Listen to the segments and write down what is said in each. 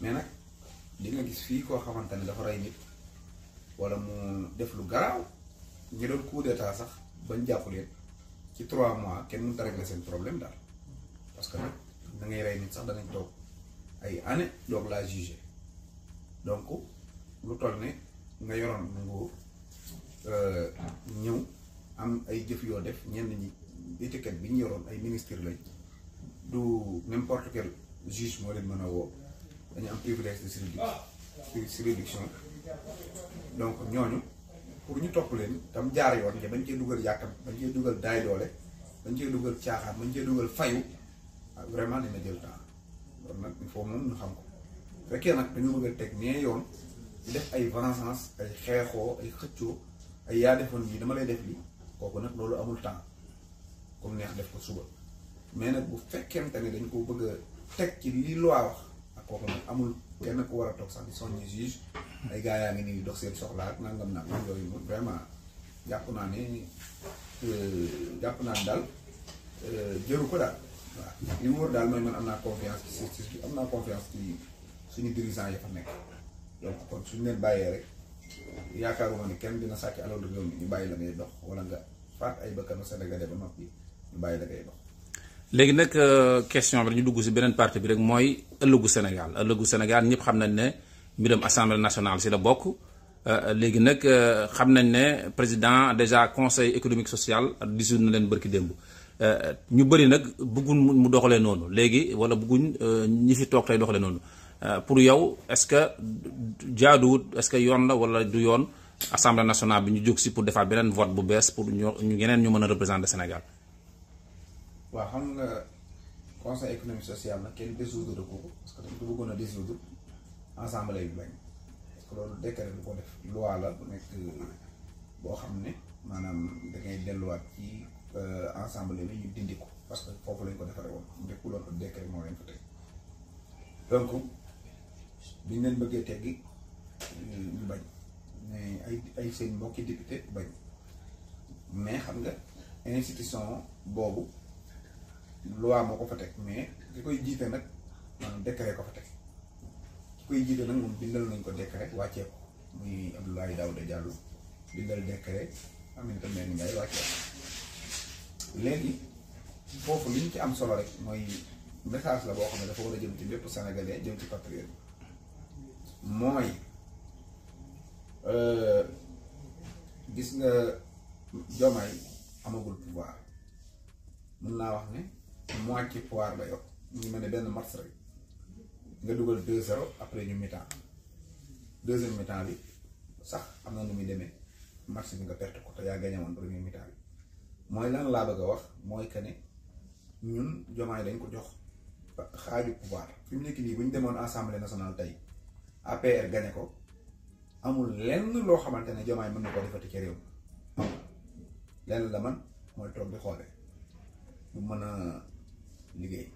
mais nag di nga gis fi ko xamante dafa ray nit wala mu def lu graw ñu doon coup d'état sax bañ jàpp ci 3 mois kenn mu a régler sen problème dal parce que nag da ngay ray nit sax da ngay tok ay ane doog la juger donc lu toll ne nga yoroon euh ñew am ay jëf yo def ñen ñi étiquette bi ñu yoron ay ministère lañ du n'importe quel juge mo leen mëna a woo dañu am privilège de juridiction juridiction donc ñooñu pour ñu topp leen tam jaar yoon nga bañ cee dugal yàkkam bañ cee dugal daay doole bañ cee dugal caaxaan bañ cee dugal fayu ah vraiment dina jël temps loolu nag il faut moom ñu xam ko fekkee nag dañoo bëgg a teg nee yoon di def ay vengeance ay xeexoo ay xëccoo ay yaa defoon yi dama lay def li kooku nag loolu amul temps comme neex def ko suba mais nag bu fekkente ne dañ ko bëgg teg ci li loi wax ak kooku nag amul kenn ku war a sax di soññi juge ay gars yaa ngi nii dox seen soxlaat nangam nag man yooyu moom vraiment jàpp naa ne jàpp naa ne daal jëru ko daal waaw li mu wër man am naa confiance ci justice bi am naa confiance ci suñu dirigeant fa donc kon suñu leen bàyyee rek yaakaaruma ne ya, kenn kan dina sàcc alal réew ñu la ngay dox wala nga faat ay bakkanu Sénégalais ba noppi ñu bàyyi la ngay dox léegi nak euh, question bi ñu dugg ci benen parti bi rek moy ëllëgu Sénégal ëllëgu Sénégal ñëpp xam nañ ne mbiram assemblée nationale ci la bokk euh, léegi nag euh, xam nañ né président déjà conseil économique social dissout na leen bërki démb ñu bari nak bëggun mu doxale noonu léegi wala bëggun ñi fi toog tey doxalee noonu pour yow est-ce que jaaduwut est-ce que yoon la wala du yoon assemblée nationale bi ñu jóg ci pour defaat benen vote bu bees pour ñu ñeneen ñu mëna représenter Sénégal. waaw xam nga conseil économique social nag kenn dissoudre ko parce que dañu ko bëggoon a dissoudre ensemble bi bañ parce que loolu décret bu ko def loi la bu nekk boo xam ne maanaam da ngay delluwaat ci euh, ensemble bi ñu dindi ko parce que foofu lañ ko defaree woon nekkul woon ab décret moo leen fa teg donc bëggee teggi ñu bañ mais ay ay seen mbokki député bañ mais xam nga institution boobu. loi moo ko fa teg mais ki koy jiite nag maanaam décret ko fa teg ki koy jiite nag moom bindal nañ ko décret wàccee ko muy Abdoulaye Daouda Diallo bindal décret Aminata Mbengue Ndiaye wàccee ko léegi foofu li ñu ci am solo rek mooy message la boo xam ne dafa war a jëm ci bépp sénégalais jëm ci patriote mooy euh, gis nga jomaay amagul pouvoir mën naa wax ne moitié pouvoir la yokk ñu mel ne benn match rek nga dugal 2-0 après ñu mi-temps deuxième mi-temps bi sax am na nu muy demee match bi nga perte ko te yaa gagné woon premier mi bi mooy lan laa bëgg a wax mooy que ne ñun jomaay dañ ko jox xaaju pouvoir fi mu nekk nii bu ñu demoon assemblée nationale tey APR gagné ko amul lenn loo xamante ne jomaay mën na ko defati ci réew lenn la man mooy toog di xoole bu mën a liggéey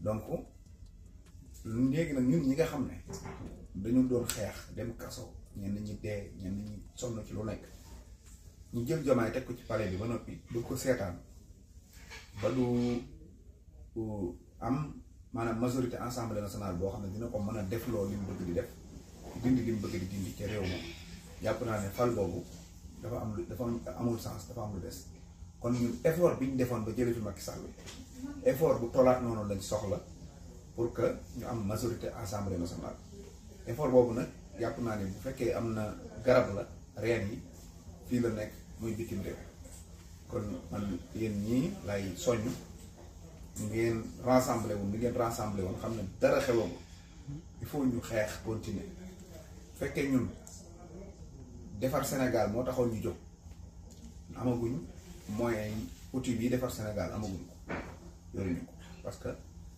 donc léegi nag ñun ñi nga xam ne dañu doon xeex dem kaso ñenn ñi dee ñenn ñi sonn ci lu nekk ñu jël jomaay teg ko ci palais bi ba noppi du ko seetaan ba du am maanaam majorité assemblée nationale boo xam ne dina ko mën a def loo bëgg di def dindi li mu bëgg di dindi ca réew moom jàpp naa ne fal boobu dafa am lu dafa amul sens dafa am lu des kon ñun bi ñu defoon ba jëlee fi Macky Sall effort bu tolaat noonu lañ soxla pour que ñu am majorité assemblée nationale effort boobu nag jàpp naa ne bu fekkee am na garab la reen yi fii la nekk mooy bitim réew kon man yéen ñii lay soññ ngeen rassemblé wu bi ngeen rassemblé woon xam ne dara xewam il faut ñu xeex continuer fekkee ñun defar Sénégal moo taxoon ñu jóg amaguñ moyens yi outil defar Sénégal amaguñ yoruñu parce que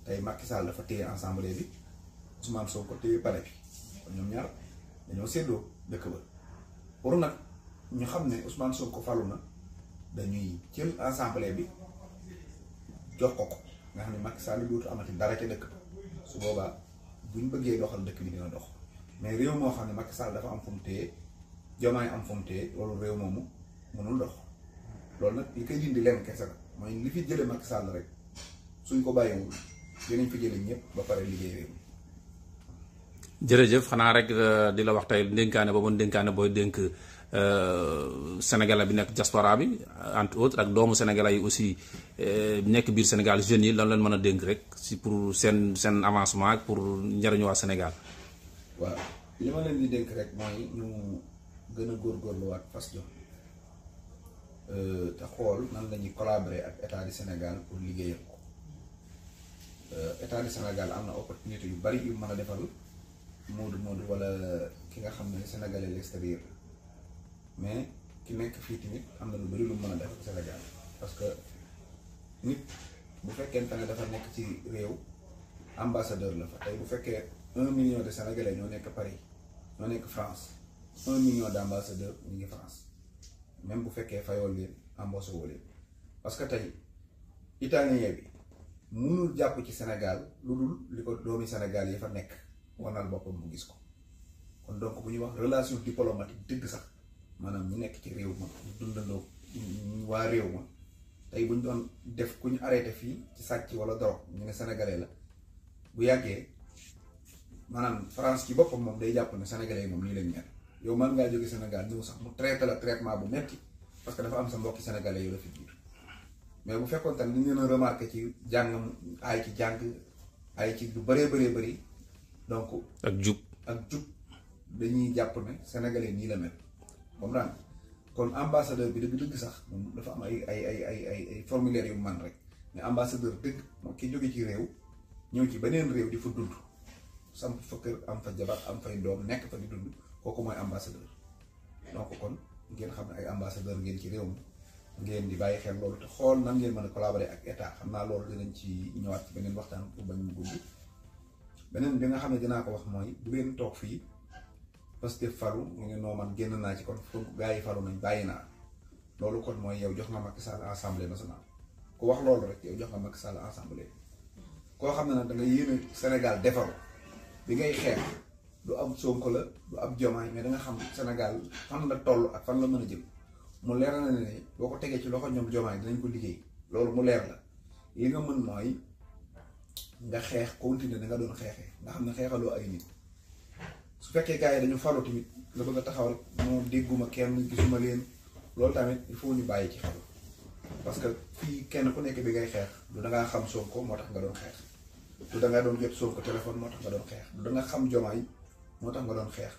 tey Macky Sall dafa téye ensemble bi Ousmane Sonko téye pare bi kon ñoom ñaar dañoo séddoo dëkk ba pour nag ñu xam ne Ousmane ko falu na dañuy jël ensemble bi jox ko ko nga xam ne Macky Sall dootu amati dara ca dëkk ba su boobaa ñu bëggee doxal dëkk bi dina dox mais réew moo xam ne Macky Sall dafa am fu mu téye jomaay am fu mu téye réew moomu mënul dox loolu nag li koy dindi leen kese la mooy li fi jëlee Macky Sall rek. suñ ko bàyyiwul dinañ fi jëlee ñëpp ba pare liggéey réew jërëjëf rek euh, di la wax tey ndénkaane boobu ndénkaane booy dénk euh, sénégalais bi nekk diaspora bi entre autres ak doomu sénégalais yi aussi euh, nekk biir sénégal jeunes yi lan rek si pour sen seen avancement ak pour njariñu waa sénégal waaw li ma leen di dénk rek mooy ñu gën a góorgóorluwaat fas jom te xool nan collaborer ak état du sénégal pour ko Euh, état du Sénégal amna opportunité yu bari yu mëna a defal Modou Modou wala ki nga xamné sénégalais l'extérieur mais ki nek fi tamit amna lu bari lu mëna a def Sénégal parce que nit bu fekkente ne dafa nek ci réew ambassadeur la fa tay bu fekkee 1 million de sénégalais ñoo nek Paris ñoo nek France 1 million d'ambassadeur ñi ngi France même bu fekkee fayol leen ambassadeur wolé parce que tay italien bi. mënul jàpp ci Sénégal lu dul li ko doomi Sénégal yi fa nekk wanal boppam mu gis ko kon donc bu ñuy wax relation diplomatique dëgg sax maanaam mu nekk ci réew ma ñu dundandoo waa réew tey bu doon def ku ñu arrêté fii ci sàcc wala drogue ñu ne sénégalais la bu yàggee maanaam France ci boppam moom day jàpp ne sénégalais yi moom nii lañ mel yow man ngaa jóge Sénégal ñëw sax mu traité la traitement bu metti parce que dafa am sa mbokki sénégalais yu la fi mais bu fekkoon tamit ni ñu leen a remarqué ci jàngam ay ci jàng ay ci lu bëree bëree bëri donc. ak jub ak jub dañuy jàpp ne sénégalais nii la mel comprendre kon ambassadeur bi dëgg dëgg sax moom dafa am ay ay ay ay ay ay formulaire yu man rek mais ambassadeur dëgg moom ki jóge ci réew ñëw ci beneen réew di fa dund samp am fa jabar am fay doom nekk fa di dund kooku mooy ambassadeur donc kon ngeen xam ne ay ambassadeur ngeen ci réew mi. ngeen di bàyyi xel loolu te xool nan ngeen mën a collaborer ak état xam naa loolu dinañ ci ñëwaat ci beneen waxtaan pour bañ mu gudd beneen bi nga xam ne dinaa ko wax mooy bu leen toog fii parce que faru ñu ngi noo man génn naa ci kon fu gaa yi faru nañ bàyyi naa loolu kon mooy yow jox nga Macky Sall assemblée nationale ku wax loolu rek yow jox nga Macky Sall assemblée koo xam ne nag da nga yéene Sénégal defaru bi ngay xeex du am Sonko la du am Diomaye mais da xam Sénégal fan la toll fan la mën jëm. mu leer na ne ne boo ko tegee ci loxo ñoom jomaay dinañ ko liggéey loolu mu leer la li nga mën mooy nga xeex continuer da nga doon xeexee nga xam ne xeexaloo ay nit su fekkee gars yi dañu faru tamit nga bëgg a taxawal moo dégguma kenn gisuma leen loolu tamit il faut ñu bàyyi que fii kenn ku nekk bi ngay xeex du da ngaa xam Sonko moo tax nga doon da nga doon jot Sonko téléphone moo tax nga doon xeex du da nga xam jomaay moo tax doon xeex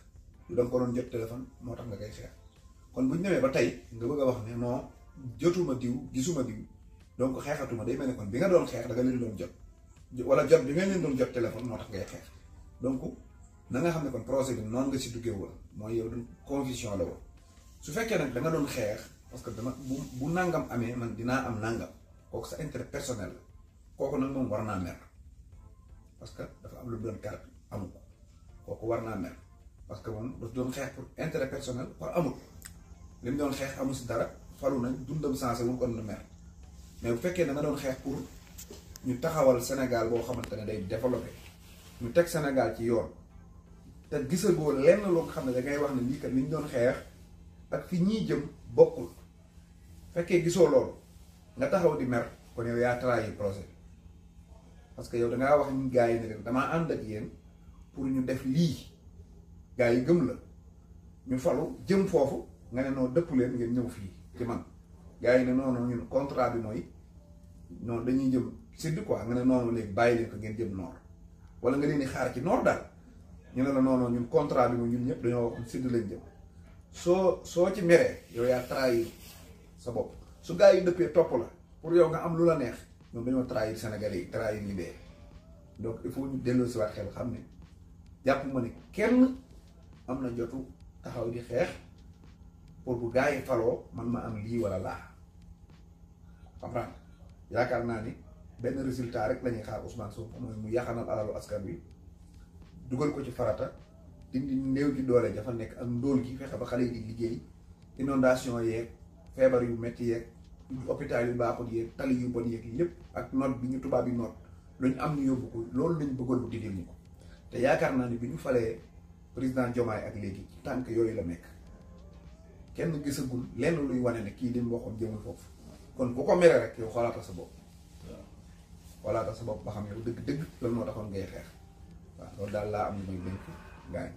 da nga ko doon jot téléphone moo tax nga koy xeex. kon bu ñu demee ba tey nga bëgg a wax ne moo jotuma diw gisuma diw donc xeexatuma day mel ne kon bi nga doon xeex da nga leen doon jot wala jot bi nga leen doon jot téléphone moo tax ngay xeex donc na nga xam ne kon projet bi noonu nga si duggee woon mooy yow du la woon su fekkee nag da nga doon xeex parce que dama bu bu nangam amee man dinaa am nangam kooku sa intérêt personnel kooku nag moom war naa mer parce que dafa am lu doon carte amu ko kooku war naa mer parce que moom daf doon xeex pour intérêt personnel war amul. li mu doon xeex amu si dara falu nañ dundam sensé wul kon na mer mais bu fekkee da nga doon xeex pour ñu taxawal Sénégal boo xamante ne day développé ñu teg Sénégal ci yoon te gisagoo lenn loo xam ne da wax ne lii kat li ñu doon xeex ak fi ñii jëm bokkul fekkee gisoo loolu nga taxaw di mer kon yow yaa trahi projet bi parce que yow dangaa wax ñu yi ne leen damaa ànd ak yéen pour ñu def lii gars yi gëm la ñu falu jëm foofu. nga ne noonu dëpp leen ngeen ñëw fii ci man gars yi ne noonu ñun contrat bi mooy noonu dañuy jëm sud quoi nga ne noonu léegi bàyyi leen ko ngeen jëm noor wala nga leen di xaar ci noor daal ñu ne la noonu ñun contrat bi mooy ñun ñëpp dañoo waxoon sud lañ jëm soo soo ci meree yow yaa trahir sa bopp su gars yi dëppee topp la pour yow nga am lu la neex ñoom dañoo trahir Sénégalais yi trahir ñu bee donc il faut ñu delloo si waat xel xam ne jàpp ma ne kenn am na jotu taxaw di xeex. pour bu gaa yi faloo man ma am lii wala laa comprendre yaakaar naa ni benn résultat rek lañuy ñuy xaar Ousmane Sonko mooy mu yaxanal alalu askan wi dugal ko ci farata dindi néew di doole dafa nekk ak ndóol gi fexe ba xale yi di liggéey inondation yeeg feebar yu métti yeeg hôpital yu baaxul yeeg tali yu bon yeeg yépp ak noot bi ñu tubaab yi noot lu ñu am ñu yóbbu ko loolu lañ bëggoon mu dindil ñu ko te yaakaar naa ni bi ñu falee président Diomaye ak léegi tànk yooyu la nekk kenn gisagul lenn luy wane ne kii li mu waxoon jëmul foofu kon ku ko mere rek yow xoolaata sa bopp xoolaata sa bopp ba xam yow dëgg-dëgg loolu moo taxoon ngay xeex waaw loolu daal laa am lu may dénk gaañ